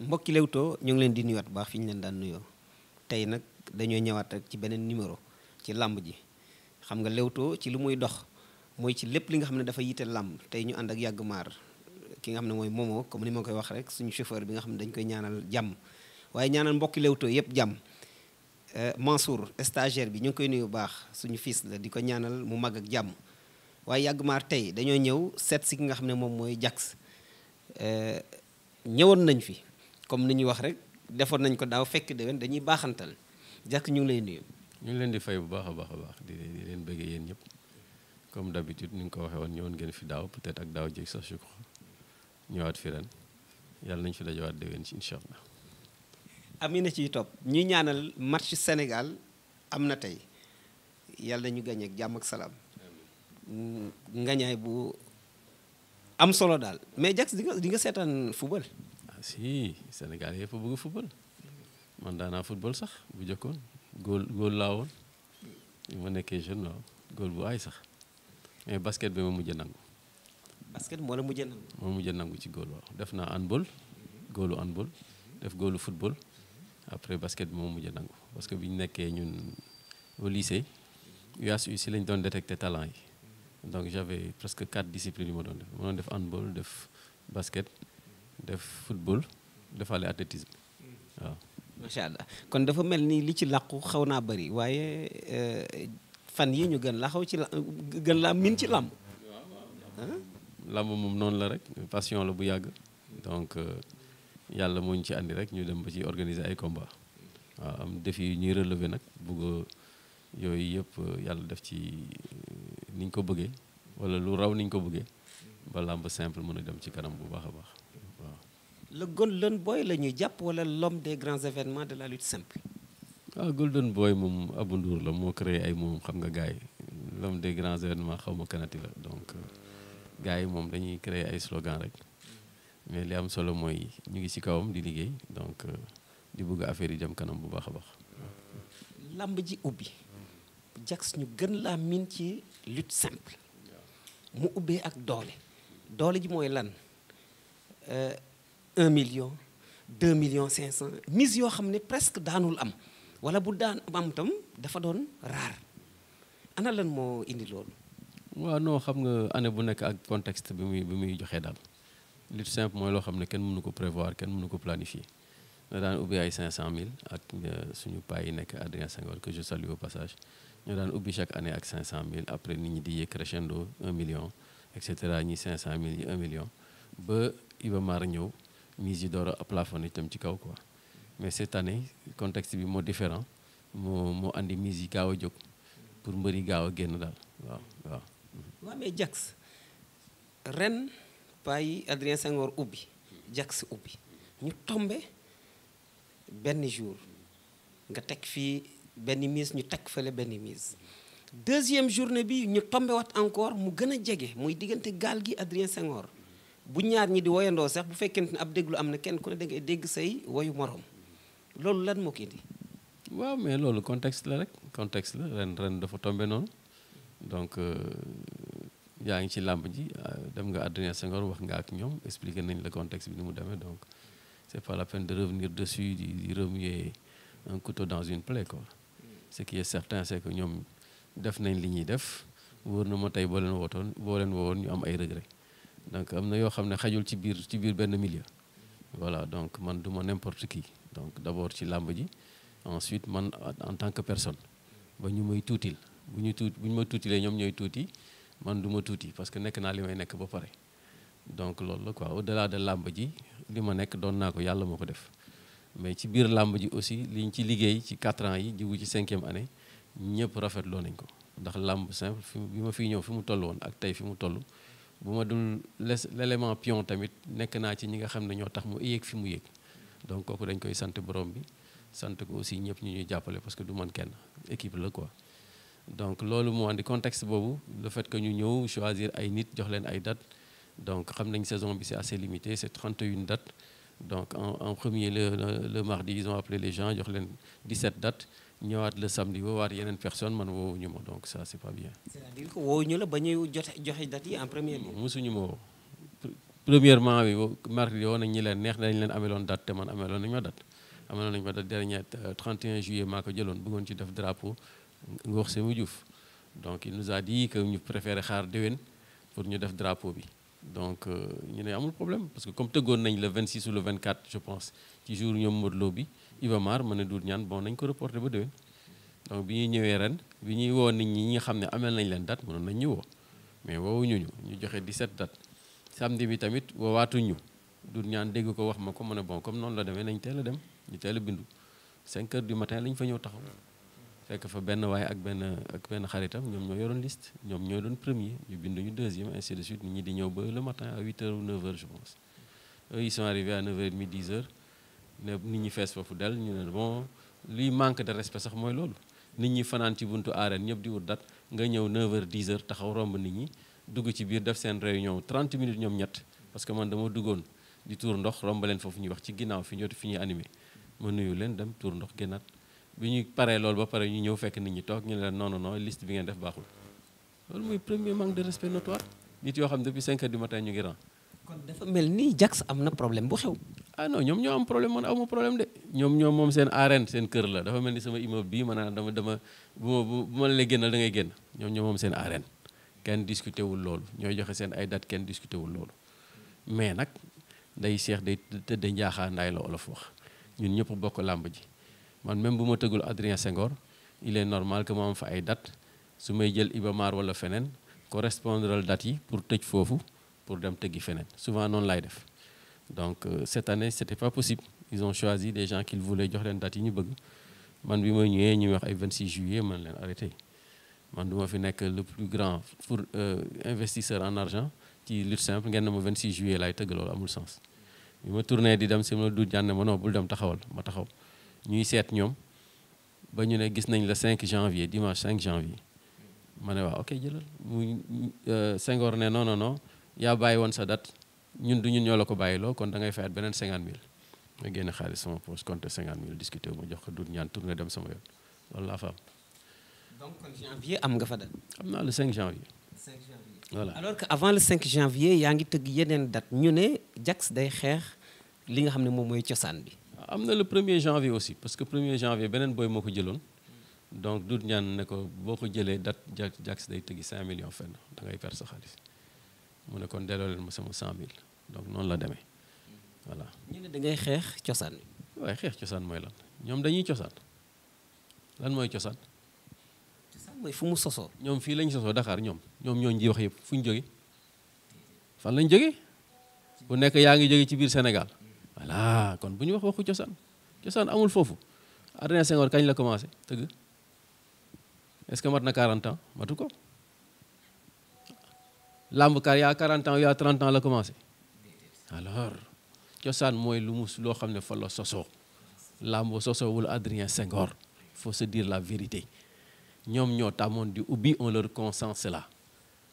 mbokki Leewtoo ñu ngi leen di nuyuwaat bu baax fi ñu leen daan nuyoo tey nag dañoo ñëwaat rek ci beneen numéro ci làmb ji xam nga Leewtoo ci lu muy dox mooy ci lépp li nga xam ne dafa yitte làmb tey ñu ànd ak yàgg maar ki nga xam ne mooy Momo comme ni ma koy wax rek suñu chauffeur bi nga xam ne dañ koy ñaanal jàmm waaye ñaanal mbokki Leewtoo yépp jàmm euh, Mansour stagiaire bi ñu ngi koy nuyu baax suñu fils la di ko ñaanal mu mag ak jàmm waaye yàgg tey dañoo ñëw seet ki nga xam ne moom mooy Jax euh, ñëwoon nañ fi comme ni ñuy wax rek defoon nañ ko daaw fekk déwén dañuy baaxantal jàkk ñu ngi lay nuyu. ñu ngi leen di fay bu baax a baax a baax di di leen bëggee yéen ñëpp comme d'habitude ni nga ko waxee woon ñëwoon ngeen fi daaw peut-être ak daaw jéeg sax ñëwaat fi ren yàlla nañ fi dajawaat déwén ci incha allah. amina ciy topp ñuy ñaanal match Sénégal am na tey yàlla ñu gañe jàmm ak salaam. ngañaay bu am solo daal mais Jax di nga di nga seetaan football. si Sénégal yëpp bëgg football man daanaa football sax bu jëkkoon góol góol laa woon ma nekkee jeune la góol bu ay sax mais basket bi ma mujj nangu. basket moo la mujj nangu. moo mujj nangu ci góol waaw def naa handball góolu handball def góolu football après basket bi moo mujj nangu parce que bi ñu nekkee ñun au lycée UASU si lañ doon détecter talent yi donc j'avais presque quatre disciplines yu ma doon def ma doon def handball def basket. def football defaale athlétisme waaw. macha allah kon dafa mel ni li ci làqu xaw naa bëri waaye eh, fan yii ñu gën la xaw ci la gën laa min ci làmb. làmb moom noonu la rek passion la bu yàgg donc euh, yàlla moo ñu ci àndi rek ñu dem ba ci organiser ay combat waaw am défi ñuy relever nag bugg yooyu yëpp euh, yàlla def ci euh, niñ ko bëggee wala lu raw niñ ko bëggee ba làmb simple mën a dem ci kanam bu baax a baax. le golden boy la ñuy jàpp wala l'homme de grands événements de la lutte simple. ah golden boy moom Abou Ndour la moo créé ay moom xam nga gars yi l'homme des grands événements xaw ma kanati la donc euh, gars yi moom dañuy créer ay slogan rek mais li am solo mooy ñu ngi ci kawam di liggéey donc euh, di bëgg affaire yi jëm kanam bu baax a baax. lamb ji ubbi. Jax ñu gën laa min ci lutte simple. mu ubbee ak doole. doole ji mooy lan. Euh, un million deux millions cinq cent mise yoo xam ne presque daanul am wala bu daan am tam dafa doon raar ana lan moo indi loolu. waaw non xam nga année bu nekk ak contexte bi muy bi muy joxe daal lu simple mooy loo xam ne kenn mënu ko prévoir kenn mënu ko planifier. ñoo daan ubbi ay 500000 ak euh, suñu paa yi nekk Adrien Senghor que je salue au passage ñoo daan ubbi chaque année ak 500000 après nit ñi di yéeg crescendo 1 million et cetera ñi 500000 yi 1 million ba Iba ñëw. mise yi door a plafonné itam ci kaw quoi mais cette année contexte bi moo différent moo moo andi mise yi gaaw a jóg pour mbëri gaaw a génn daal waaw waaw. waa mais Jax ren payi Adrien Senghor ubbi Jax ubbi ñu tombe benn jour nga teg fii benn mise ñu teg fale benn mise. deuxième journée bi ñu tombe wat encore mu gën a jege muy diggante gaal gi Adrien Senghor. bu ñaar ñi di woyandoo sax bu fekkente ne ab déglu am na kenn ku ne da dégg say woyu moroom loolu lan moo koy di waaw mais loolu contexte la rek contexte la ren ren dafa tombé noonu donc euh, yaa ngi ci làmb ji euh, dem nga Adrien Senghor wax nga ak ñoom expliqué nañ la contexte bi ni mu demee donc c'est pas la peine de revenir dessus di di remuer un couteau dans une plaie quoi mm. ce qui est certain c'est que ñoom def nañ li ñuy def wóor na ma tey boo leen wootoon boo leen woowoon ñu am ay regret donc am na yoo xam ne xajul ci biir ci biir benn milieu voilà donc man du ma n'importe qui donc d'abord ci làmb ji ensuite man en tant que personne ba ñu may tuutil bu ñu tuut bu ñu ma tuutilee ñoom ñooy tuuti man du ma tuuti parce que nekk naa li may nekk ba pare donc loolu la quoi au delà de làmb ji li ma nekk doon naa ko yàlla moo ko def mais ci biir làmb ji aussi liñ ci liggéey ci 4 ans yi jiwu ci cinquième année ñëpp rafetloo nañ ko ndax làmb simple bi ma fiy ñëw fi mu toll woon ak tey fi mu toll bu ma dul l'élément pion tamit nekk naa ci ñi nga xam ne ñoo tax mu yéeg fi mu yéeg donc kooku dañ koy sant borom bi sant ko aussi ñëpp ñu ñuy jàppale parce que du man kenn équipe la ko donc loolu moo andi contexte boobu le fait que ñu ñëw choisir ay nit joxleen ay dates donc xam nañ saison bi c'est assez limité c'est 31 dates donc en en premier le le mardi ils ont appelé les gens jox leen 17 dates. ñëwaat le samedi waat yeneen personne man woowuñu ma donc ça c' pas bien. woowuñu la ba ñuy joxe joxe date yi en premier lieu. mosuñu ma woo premièrement bi mardi woo nañ ñi leen neex nañ leen ameloon date te man ameloon nañu ma date ameloon nañ ma date dernier euh, 31 juillet maa ko jëloon bëggoon ci def drapeau Ngor Sémou Diouf donc il nous a dit que ñu préféré xaar déwén pour ñu def drapeau bi. donc euh, ñu ne amul problème parce que comme tëggoon nañ le 26 ou le 24 je bi. Iba Mar mën a duut ñaan bon nañ ko reporté ba déwén donc bi ñuy ñëwee ren bi ñuy woo nit ñi ñi xam ne amee nañ leen date mënoon nañ ñu woo mais woowuñu ñu ñu joxe 17 date samedi bi tamit woowaatuñu duut ñaan dégg ko wax ma ko mën a bon comme noonu la demee nañ teel a dem ñu teel a bindu 5 heures du matin lañ fa ñëw taxaw fekk fa benn waaye ak benn ak benn xaritam ñoom ñoo yoroon liste ñoom ñoo doon premier ñu bindu ñu deuxième ainsi de suite nit ñi di ñëw ba le matin à 8 heures ou 9 ne nit ñi fees foofu del ñu ne bon luy manque de respect sax mooy loolu nit ñi fanaan ci buntu arène ñëpp di wut dat nga ñëw 9h 10h taxaw romb nit ñi dugg ci biir def seen réunion 30 minutes ñoom ñett parce que man dama duggoon di tuur ndox romb leen foofu ñuy wax ci ginnaaw fi ñoti fi ñuy animé ma nuyu leen dem tuur ndox génnaat bi ñu paree loolu ba pare ñu ñëw fekk nit ñi toog ñu ne leen non non list bi ngeen def baaxul loolu mooy premier manque de nit yoo xam depuis 5 heures du matin ñu ngi ran kon dafa mel am na problème bu xew ah ñoom ñoo am problème man awma problème de ñoom ñoom moom seen arène seen kër la dafa mel ni sama immeuble bii ma naan dama dama bu bu ma la génnal da ngay génn ñoom ñoom moom seen arène kenn discuté wul loolu ñooy joxe seen ay date kenn discuté wul loolu mais nag day seex day tëdd njaaxaa ndaay la olof wax ñun ñëpp bokk làmb ji man même bu ma tëggul Adrien Senghor il est normal que ma am fa ay dat su may jël Ibamar wala feneen correspondre date yi pour tëj foofu pour dem tëggi feneen souvent noonu laay def donc euh, cette année c'était pas possible ils on choisi des gens qu'ils voulaient jox leen date yi ñu bëgg man bi ma ñëwee ñu wax ay 26 juillet man leen arrêté man du fi nekk le plus grand pour euh, investisseur en argent ci lutte simple ngeen ne ma 26 juillet laay tëgg loolu amul sens bi ma tourné di dem si ma du jànne ma non bul dem taxawal ma taxaw ñuy seet ñoom ba ñu ne gis nañ le 5 janvier dimanche 5 janvier ma ne waaw ok jëlal mu euh, Senghor ne non non non yaa bàyyi woon sa date ñun du ñun ñoo la ko bàyyiloo kon da ngay fayaat beneen cinquante mille nga génne xaalis sama poche compte cinquante mille discuter ma jox ko du ñaan tourné dem sama yoon loolu laa fa am. donc kon janvier am nga fa dal. am naa le 5 janvier. 5 janvier voilà alors que avant le 5 janvier yaa ngi tëgg yeneen dat ñu ne Jax day xeex li nga xam ne moom mooy cosaan bi. am na le premier janvier aussi parce que premier janvier beneen booy moo ko jëloon donc du ñaan ne ko boo ko jëlee date Jax Jax day tëggi 5 millions fenn da ngay perdre sa xaalis mu ne kon delloo leen ma donc noonu la demee voilà. ñu ne da ngay xeex cosaan. waaye xeex cosaan mooy lan ñoom dañuy cosaan lan mooy cosaan. cosaan fu mu sosoo. ñoom fii lañ sosoo Dakar ñoom ñoom ñoo ji wax yëpp fu ñu jógee fan lañ jógee bu nekk yaa ngi jógee ci biir Sénégal voilà kon bu ñu wax waxu cosaan cosaan amul foofu. Adrien Senghor kañ la commencé tëgg est-ce que mat na 40 ans matu ko làmbkaar yaa 40 ans yaa 30 ans la commencé. alors cosaan mooy lu mus loo xam ne fa sosoo làmb sosoowul Adrien Senghor faut se dire la vérité ñoom ñoo tàmmoon di ubbi on leur consent la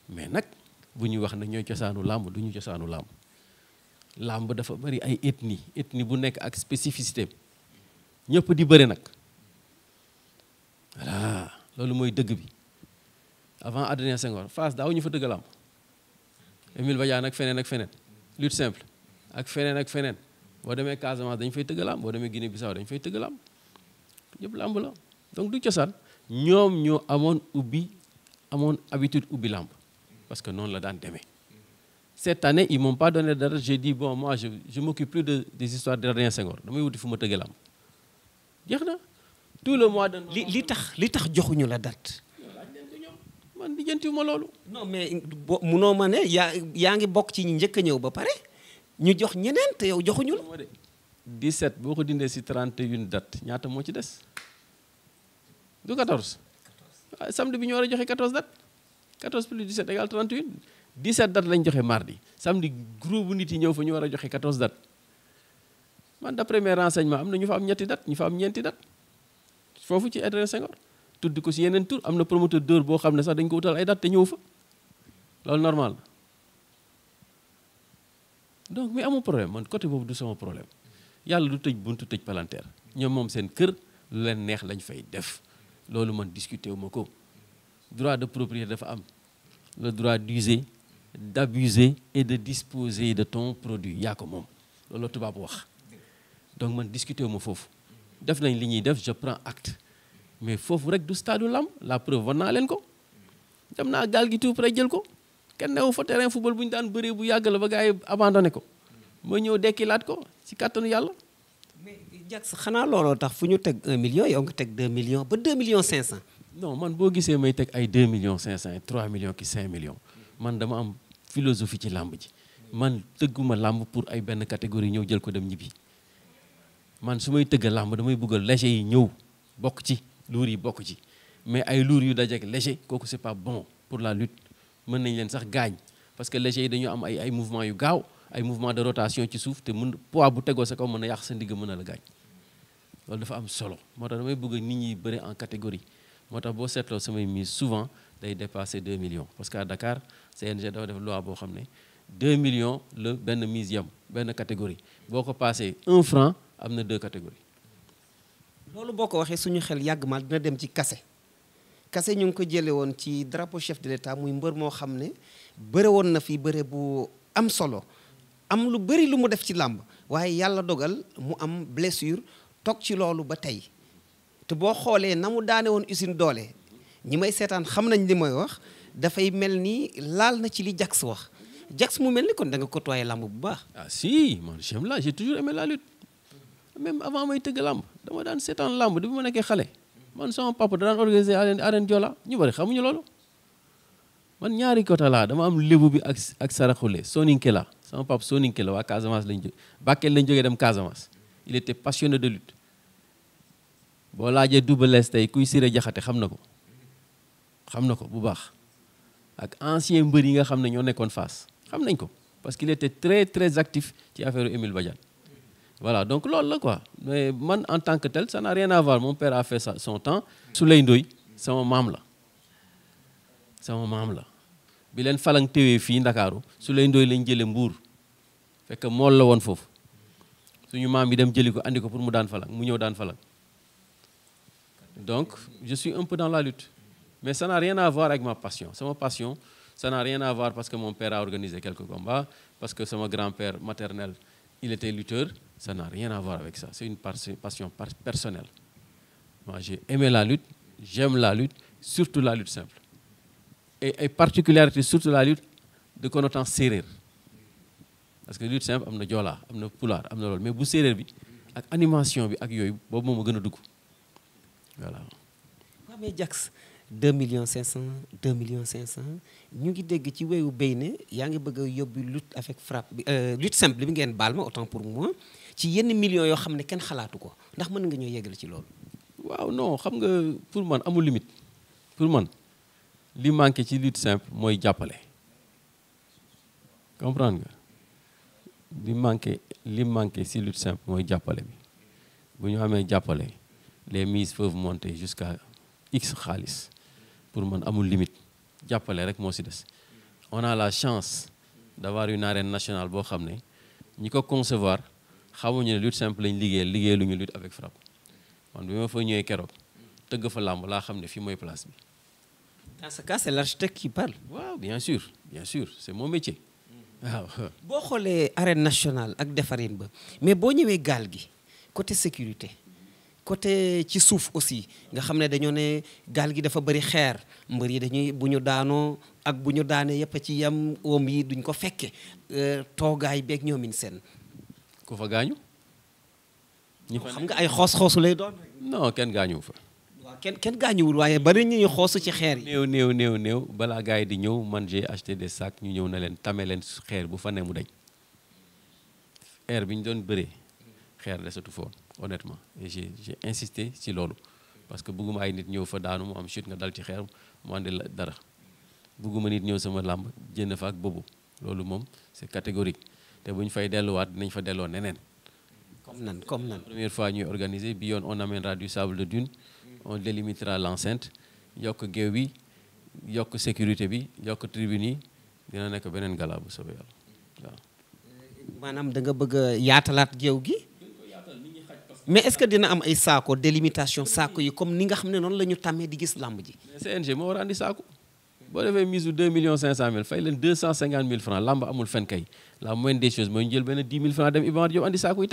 mais nag bu ñu wax ne ñooy cosaanu làmb du ñu cosaanu làmb làmb dafa bari ay ethnie ethnie bu nekk ak spécificité ñëpp di bëri nag voilà loolu mooy dëgg bi avant Adrien Senghor Fass daaw ñu fa dëgg làmb Émile Badiane ak feneen ak feneen lutte simple ak feneen ak feneen boo demee Casamance dañ fay tëgg làmb boo demee Guinée Bissau dañ fay tëgg làmb yëpp làmb la donc du cosaan ñoom ñoo amoon ubbi amoon habitude ubbi làmb parce que noonu la daan demee cette année ils m'ont pas donné dara j'ai dit bon mois je je m'occupe plus de des histoires d'Adrien Senghor damay wuti fu ma tëggee làmb jeex na tout le mois de li li tax li tax joxuñu la dat man lijjantiw ma loolu. non mais bo munoo ma ne yaa yaa ngi bokk ci ñi njëkk a ñëw ba pare ñu jox ñeneen te yow joxuñu la. 17 boo ko dindee si 31 dat ñaata moo ci des du 14. waaw ah, samedi bi ñu war a joxe 14 date 14 plus 17 égale 31 17 lañ joxe mardi samedi groupe bu nit yi ñëw fa ñu war a joxe 14 date man d'après mes renseignements am na ñu fa am ñetti date ñu fa am ñeenti date foofu ci Adrien Senghor. tudd ko si yeneen tur am na promoteur d'heure boo xam ne sax dañ ko wutal ay date te ñëw fa loolu normal donc mais amul problème man côté boobu du sama problème yàlla du tëj buntu tëj palanteer ñoom moom seen kër lu leen neex lañ fay def loolu man discuter wu ma ko droit de propriété dafa am le droit d'user d'abuser et de disposer de ton produit yaa ko moom loolu tubaab wax donc man discuter wu ma foofu def nañ li ñuy def je prends acte mais foofu rek du stade du la preuve wan leen ko dem naa gaal gi tuub rek jël ko kenn newu fa terrain football bu ñu daan bëree bu yàgg la ba gars yi abandonné ko ma ñëw dekkilaat ko ci kàttanu yàlla. mais Diaks xanaa looloo tax fu ñu teg 1 million yow nga teg 2 millions ba deux million millions 500. non man boo gisee may teg ay 2 millions 500 et 3 millions ki 5 millions man dama am philosophie ci làmb ji man tëgguma làmb pour ay benn catégorie ñëw jël ko dem ñibbi man su may tëgg làmb damay bëgg léger ñëw bokk ci. luur yi bokk ci mais ay luur yu dajeek léger kooku c'est pas bon pour la lutte mën nañ leen sax gaañ parce que léger yi dañu am ay ay mouvement yu gaaw ay mouvement de rotation ci suuf te mun pois bu tegoo sa kaw mën a yàq sa ndigg mën a la gaañ loolu dafa am solo moo tax damay bëgg nit ñi bëri en catégorie moo tax boo seetloo samay mise souvent day dépasser deux millions parce que à Dakar CNG dafa def loi boo xam ne deux millions la benn mise yam benn catégorie boo ko passé 1 franc am na deux catégories loolu boo ko waxee suñu xel yàgg mal dina dem ci kase kase ñu ngi ko jële woon ci drapeau chef de l'état muy mbër moo xam ne bëre woon na fi bëre bu am solo am lu bëri lu mu def ci làmb waaye yàlla dogal mu am blessure toog ci loolu ba tey te boo xoolee na mu daane woon usine doole ñi may seetaan xam nañ li may wax dafay mel ni laal na ci li Jax wax Jax mu mel ni kon danga nga làmb bu baax ah, même avant may tëgg làmb dama daan seetaan làmb depuis ma nekkee xale man sama papa da daan organisé arène arène Joola ñu bari xamuñu loolu man ñaari côté laa dama am lébu bi ak ak saraxule soninke la sama papa soninke la waa Casamance lañ jóge Bakel lañ jógee dem Casamance il était passionné de lutte boo laajee Double Less tey kuy Siré Jaxate xam na ko xam na ko bu baax ak ancien mbër yi nga xam ne ñoo nekkoon Fass xam nañ ko parce qu'il était très très actif ci affaire Émile Badiane voilà donc loolu la quoi mais man en tant que tel ça n'a rien à mon père a fait ça son temps Souley Ndoye sama maam la sama maam la bi leen falang téwee fii Ndakaaru su lay ndooy lañ jële mbuur fekk mool la woon foofu suñu maam yi dem jëli ko andi ko pour mu daan falang mu ñëw daan falang donc je suis un peu dans la lutte mais ça n'a rien à voir avec ma passion sama passion ça n'a rien à parce que mon père a organisé quelques combats parce que sama grand-père maternel il était lutteur, sa n'a rien à voir avec ça. C'est une passion personnelle. Moi, j'ai la lutte, j'aime la lutte, surtout la lutte simple. Et, et surtout la lutte de connotant séeréer. parce que lutte simple am na joolaa am na pulaar am na loolu mais bu séeréer bi ak animation bi ak yooyu boobu moom a gën a dugg voilà. 2 millions 500 2 millions 500 ñu ngi dégg ci weewu béy ne yaa ngi bëgg a yóbbu lutte avec frappe bi euh, lutte simple bi ngeen baal ma autant pour moi ci yenn millions yoo xam ne kenn xalaatu ko ndax mën nga ñoo yeggal ci loolu. waaw non xam nga pour man amul limite pour man li manqué ci lutte simple mooy jàppale comprendre nga li manqué li manqué ci lutte simple mooy jàppale bi bu ñu amee jàppale les mises peuvent monter jusqu'à x xaalis. pour man amul limite jàppale rek moo si des on a la chance d'avoir une arène nationale boo xam ne ñi ko concevoir xamuñu ne lutte simple lañ liggéey liggéey lu ñu lutte avec frappe man bi ma fa ñëwee keroog tëgg fa làmb laa xam ne fii mooy place bi. dans ce cas c'est l'architecte qui parle. waaw bien sûr bien sûr c'est mon métier. waaw boo xoolee arène nationale ak defarin ba mais boo ñëwee gaal gi côté sécurité. côté ci suuf aussi nga xam ne dañoo ne gaal gi dafa bari xeer mbër yi dañuy bu ñu daanoo ak bu ñu daanee yëpp ci yam oom yi duñ ko fekke euh, toogaay beeg ñoomin seen ku fa gaañu ñu xam nga ay xoos-xoosu lay doon non kenn gaañuwu fa waaw kenn kenn gaañuwul waaye bari ñu xoosu ci xeer yi néew néew néew néew balaa gars yi di ñëw man j'ai acheté des sacs ñu ñëw na leen tame leen xeer bu fa ne mu dañ xeer bi ñu doon bëree xeer desatu foon honnêtement et j'ai insisté ci loolu parce que bëgguma ay nit ñëw fa daanu mu am chute nga dal ci xeer mu àndi la dara bëgguma nit ñëw sama làmb jënd fa ak boobu loolu moom c'est catégorique te bu ñu fay delluwaat dinañ fa delloo neneen comme nan comme nan première fois ñuy organiser bi yoon on amènera du sable de dune on délimitera l'enceinte yokk géew bi yokk sécurité bi yokk tribune yi dina nekk beneen gala bu soobee yàlla waaw euh, maanaam da nga yaatalaat géew gi mais est-ce que dina am ay saako délimitation saako yi comme ni nga xam ne noonu la ñu tàmmee di gis làmb ji. CNG moo war a andi saako boo defee mise bu 2 millions 500 mille fay leen 250 000 francs làmb amul fen kay la moindre des choses mooy ñu jël benn 10 000 francs dem Iba Mar Diop andi saako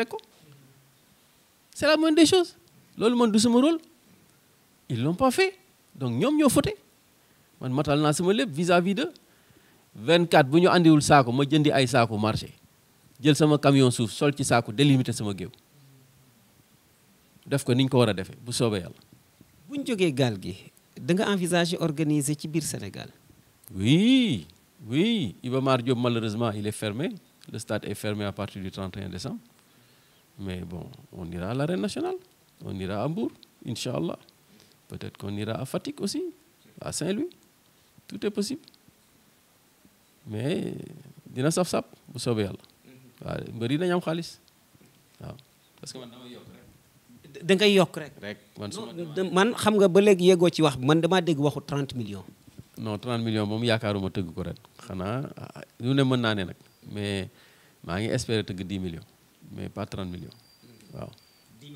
loolu man du sama rôle ils l'ont pas donc ñoom ñoo fauté man matal naa sama lépp vis-à-vis de 24 bu ñu andiwul saako ma jëndi ay saako marché jël sama camion suuf sol ci saako délimité sama géew. def ko niñ ko war a defee bu soobee yàlla. ñu jógee gaal gi da nga envisager organiser ci biir Sénégal. oui oui Iba Mar Diop malheureusement il est fermé le stade est fermé à partir du 31 décembre mais bon on ira à l'arène nationale on ira à Mbour incha allah peut-être qu'on ira à Fatick aussi à Saint-Louis tout est possible mais dina saf-saf bu soobee yàlla. Mm-hmm. waaw mbër yi xaalis da ngay yokk rek. rek man su man xam nga ba léegi yegoo ci wax man damaa dégg waxu 30 million non 30 million moom yaakaaruma tëgg ko rek xanaa lu ne mën naa ne nag mais maa ngi espérer tëgg 10 millions mais pas 30 million waaw. 10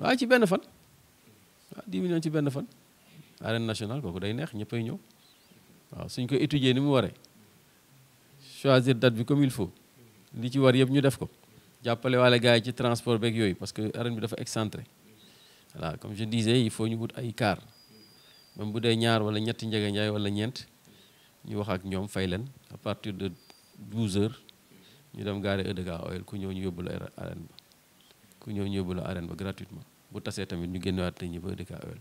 waaw ci benn fan. waaw 10 ci benn fan. arène nationale kooku day neex ñëppay ñëw waaw suñ ko étudier ni mu waree choisir date bi comme il faut li ci war yëpp ñu def ko. jàppale waale gars yi ci transport beeg yooyu parce que arène bi dafa excentré voilà comme je disais il faut ñu wut ay car même bu dee ñaar wala ñetti njege njaay wala ñeent ñu wax ak ñoom fay leen à partir de 12 heures ñu dem gaare Edegar Oil ku ñëw ñu yóbbu la arène ba ku ñëw ñu yóbbu la arène ba gratuitement bu tasee tamit ñu génnewaat nit ñi ba Edegar Oil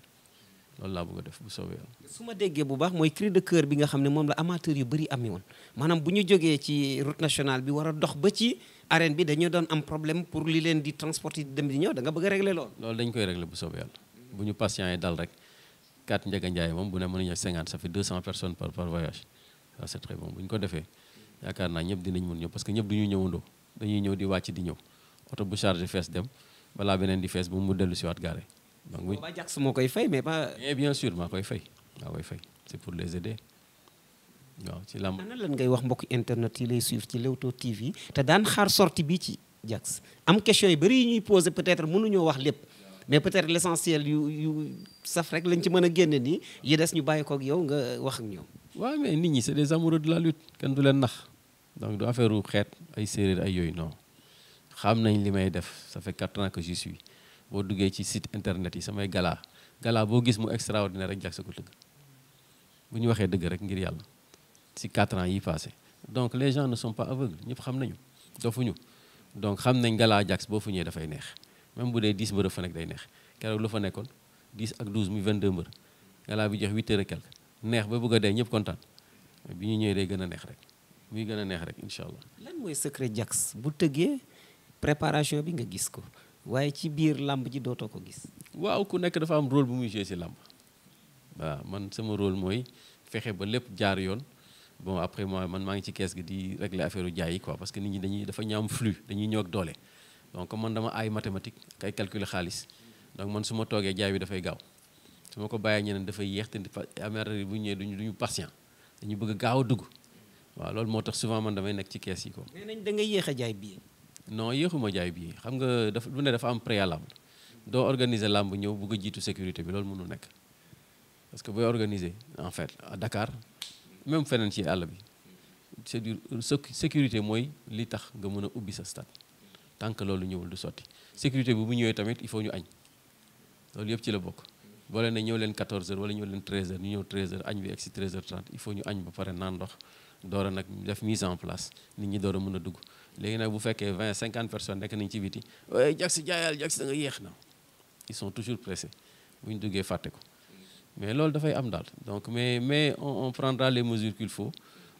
loolu laa bëgg a def bu soobee yàlla su ma déggee bu baax mooy cri de bi nga xam ne moom la amateur yu bëri amee woon maanaam bu ñu jógee ci route nationale bi war a dox ba ci arène bi dañu doon am problème pour li leen di transporter di dem di ñëw da nga bëgg a régler loolu dañ koy régler bu soobee yàlla bu ñu patient yi dal rek kat moom bu ne mënuñu ak 50 ça fait 200 personnes par par yaakaar naa ñëpp dinañ mën ñëw parce que ñëpp ñu ñëwandoo dañuy ñëw di wàcc di ñëw oto bu chargé fees dem balaa beneen di fees bu mu dellu siwaat gaare donc bu boobaa Jax moo koy fay mais pas. Eh, bien sûr maa koy fay maa koy fay c'est pour les aider waaw ci lamb. ana lan ngay wax mbokk internet yi lay suivre ci Leewtoo TV te daan xaar sorti bi ci Jax am question yu bëri yi ñuy poser peut-être mënuñoo wax lépp. mais peut-être l'essentiel yu yu saf rek lañ ci mën a génne nii yi des ñu bàyyi kook yow nga wax ak ñoom. waa mais nit ñi c'est des amoureux de la lutte kenn du leen nax donc du affaire xeet ay séeréer ay yooyu non xam nañ li may def ça fait quatre boo duggee ci sit internet yi samay galaa galaa boo gis mu extraordinaire rek Jax ko tëgg bu ñu waxee dëgg rek ngir yàlla si quatre ans yi passé donc les gens ne sont pas aveugles ñëpp xam nañu ñu donc xam nañ galaa Jax boo fu ñëwee dafay neex même bu dee 10 mbër fa nekk day neex keroog lu fa nekkoon 10 ak 12 muy 22 mbër gala bi jox 8 heures et neex ba bëgg dee ñëpp kontaan bi ñu ñëwee day gën a neex rek muy gën a neex rek incha allah. lan mooy secret bu tëggee préparation bi nga gis ko. waaye ci biir làmb ji dootoo ko gis. waaw ku nekk dafa am role bu muy joué si làmb waaw man sama role mooy fexe ba lépp jaar yoon bon après moi man maa ngi ci kees gi di régler affaire jaay yi quoi parce que nit ñi dañuy dafa ñaam flux dañuy ñëw ak doole donc man dama aay mathématique kay calculer xaalis donc man su ma toogee jaay bi dafay gaaw su ma ko bàyyee ñeneen dafay yéex te amer bu ñëwee duñu duñu patient dañu bëgg gaaw a dugg waaw loolu moo tax souvent man damay nekk ci kees yi quoi. non yéexuma jaay bii xam nga dafa lu ne dafa am préalable doo organiser làmb ñëw bugg jiitu sécurité bi loolu mënul nekk parce que booy organiser en fait à Dakar même feneen ci àll bi c'est du sécurité mooy li tax nga mën a ubbi sa stade tant loolu ñëwul du sotti sécurité bi bu ñëwee tamit il faut ñu añ loolu yëpp ci la bokk boo leen ñëw leen 14h wala ñëw leen 13h ñu ñëw 13h añ bi egg si 13 h il faut ñu añ ba pare naan ndox door nag def mise en place nit ñi door a mën a dugg léegi nag bu fekkee vingt cinquante personnes nekk nañ ci biti waaye Jax jaayal Jax da nga yéex na ils sont toujours pressés bu ñu duggee fàtte ko mais loolu dafay am daal donc mais mais on prendra les mesures qu'il faut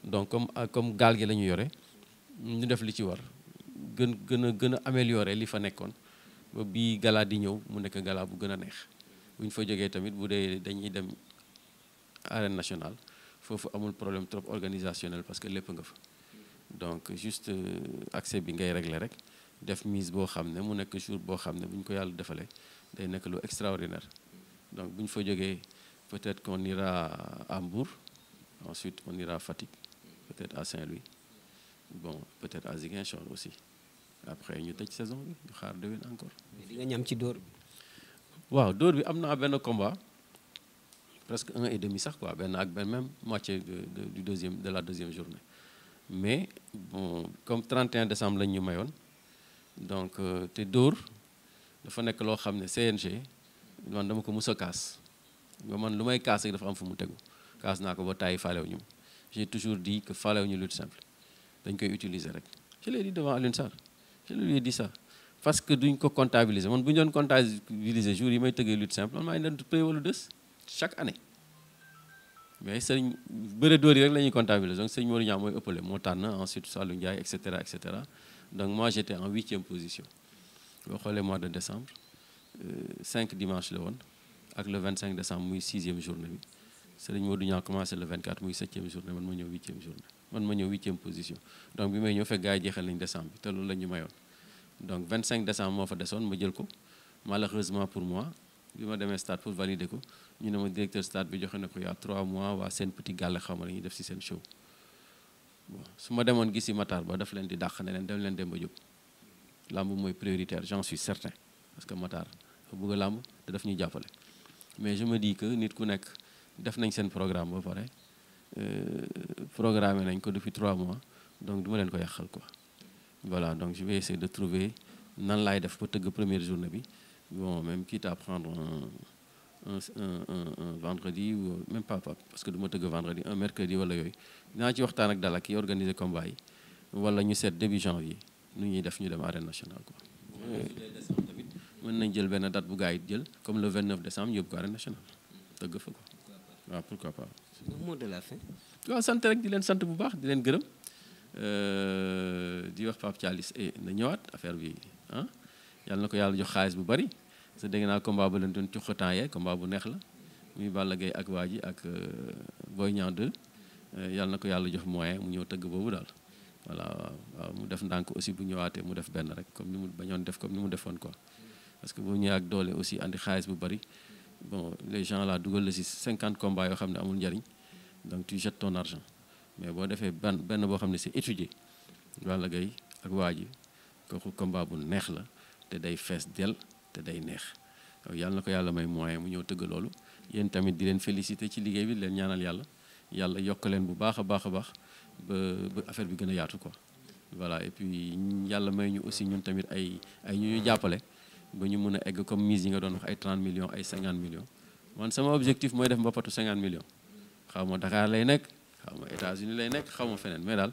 donc comme euh, comme gaal gi la ñu yore ñu def li ci war gën gën a gën a améliorer li fa nekkoon ba bii galaa di ñëw mu nekk galaa bu gën a neex bu ñu fa jógee tamit bu dee dañuy dem arène nationale foofu amul problème trop organisationnel parce que lépp nga fa donc juste euh, accès bi ngay régler rek def mise boo xam ne mu nekk jour boo xam ne bu ñu ko yàlla defalee day nekk lu extraordinaire donc bu ñu fa jógee peut-être qu'on ira à Mbour ensuite on ira à Fatick peut à Saint-Louis bon peut-être à Ziguinchor aussi après ñu tëj saison bi ñu xaar déwén encore. di ci dóor bi. waaw dóor bi am naa benn combat presque un et demi sax quoi benn ak benn même moitié du deuxième de la deuxième journée. mais bon comme 31 décembre lañ ñu mayoon donc euh, te dóor dafa nekk loo xam ne CNG man dama ko mus a kaas ba man lu may kaas rek dafa am fu mu tegu kaas naa ko ba taay faalew ñu j'ai toujours di que faalew ñu lutte simple dañ koy utiliser rek je l'ai dit devant Alioune Sarr je lui ai parce que duñ ko comptabiliser man bu ñu doon comptabiliser jour yi may tëggee lutte simple man maa ngi leen di pay des chaque année mais sëñ bëre dóor yi rek la ñuy comptabiliser donc sëñ Modou Niang mooy ëppale moo tànn ensuite Sallou Ndiaye et cetera et cetera donc moi j'étais en huitième position boo xoolee mois de décembre euh, cinq dimanche la woon ak le 25 décembre muy sixième journée bi sëñ Modou Niang commencé le 24 muy septième journée man ma ñëw huitième journée man ma ñëw huitième position donc bi may ñëw fekk gars yi jeexal nañ décembre bi te loolu la ñu mayoon donc 25 décembre moo fa desoon ma jël ko malheureusement pour moi bi ma demee stade pour valider ko ñu ne ma directeur stade bi joxe na ko y' a 3 mois waa seen petit gàll xaw ma la ñuy def si seen show su ma demoon gis si Matar ba def leen di dàq ne leen dem leen Demba Diop làmb mooy prioritaire j'en suis certain parce que Matar dafa bëgg làmb te daf ñuy jàppale mais je me dis que nit ku nekk def nañ seen programme ba pare euh, programme nañ ko depuis 3 mois donc duma leen ko yàqal ko voilà donc je vais essayer de trouver nan laay def ba tëgg première journée bi bon même quitte à prendre un un un un vendredi ou même pas parce que du ma tëgg vendredi un mercredi wala yooyu naa ci waxtaan ak Dalak yi organiser combat yi wala ñu seet début janvier nu ñuy def ñu dem arène nationale quoi. mën nañ jël benn date bu gaa yi jël comme le 29 décembre yóbbu ko arène nationale tëgg fa ko waa pour pas. mot de la fin. sant rek di leen sant bu baax di leen gërëm euh, di wax Pape Thialis eh na ñëwaat affaire bi yàlla na ko yàlla jox xaalis bu bari parce que dégg naa combat ba leen doon cuq temps yee combat bu neex la muy Balla Gaye ak waa ji ak euh, Boy Niang 2 euh, yàlla na ko yàlla jox moyen mu ñëw tëgg boobu daal voilà mu def ndànk aussi bu ñëwaatee mu def benn rek comme ni mu bañoon def comme ni mu defoon quoi parce que bu ñëwee ak doole aussi andi xaalis bu bari bon les gens là dugal la si cinquante combats yoo xam ne amul njariñ donc tu jettes ton argent mais boo defee ban benn boo xam ne si étudié Balla Gaye ak waa ji kooku combat bu neex la te day fees del te day neex yàlla na ko yàlla may moyen mu ñëw tëgg loolu yéen tamit di leen féliciter ci liggéey bi leen ñaanal yàlla yàlla yokk leen bu baax a baax a baax ba ba affaire bi gën a yaatu ko voilà et puis yàlla may ñu aussi ñun tamit ay ay ñu ñu jàppale ba ñu mun a egg comme mise yi nga doon wax ay trent millions ay 50 millions man sama objectif mooy def mbappatu 50 millions xaw ma Dakar lay nekk xaw ma États-Unis lay nekk xaw ma feneen mais daal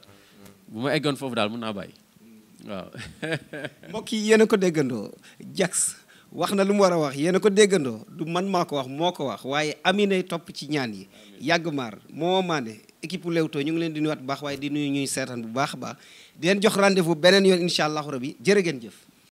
bu ma eggoon foofu daal mën naa bàyyi waaw mbokk yi yéen a ko déggandoo Diaks wax na lu mu war a wax yéen a ko déggandoo du man maa ko wax moo ko wax waaye Amine topp ci ñaan yi yàgg maar moo maane équipe Leewtoo ñu ngi leen di nuyuwaat bu baax waaye di nuyu ñuy seetaan bu baax a baax di jox rendez-vous beneen yoon incha allahu rabi jërë geen jëf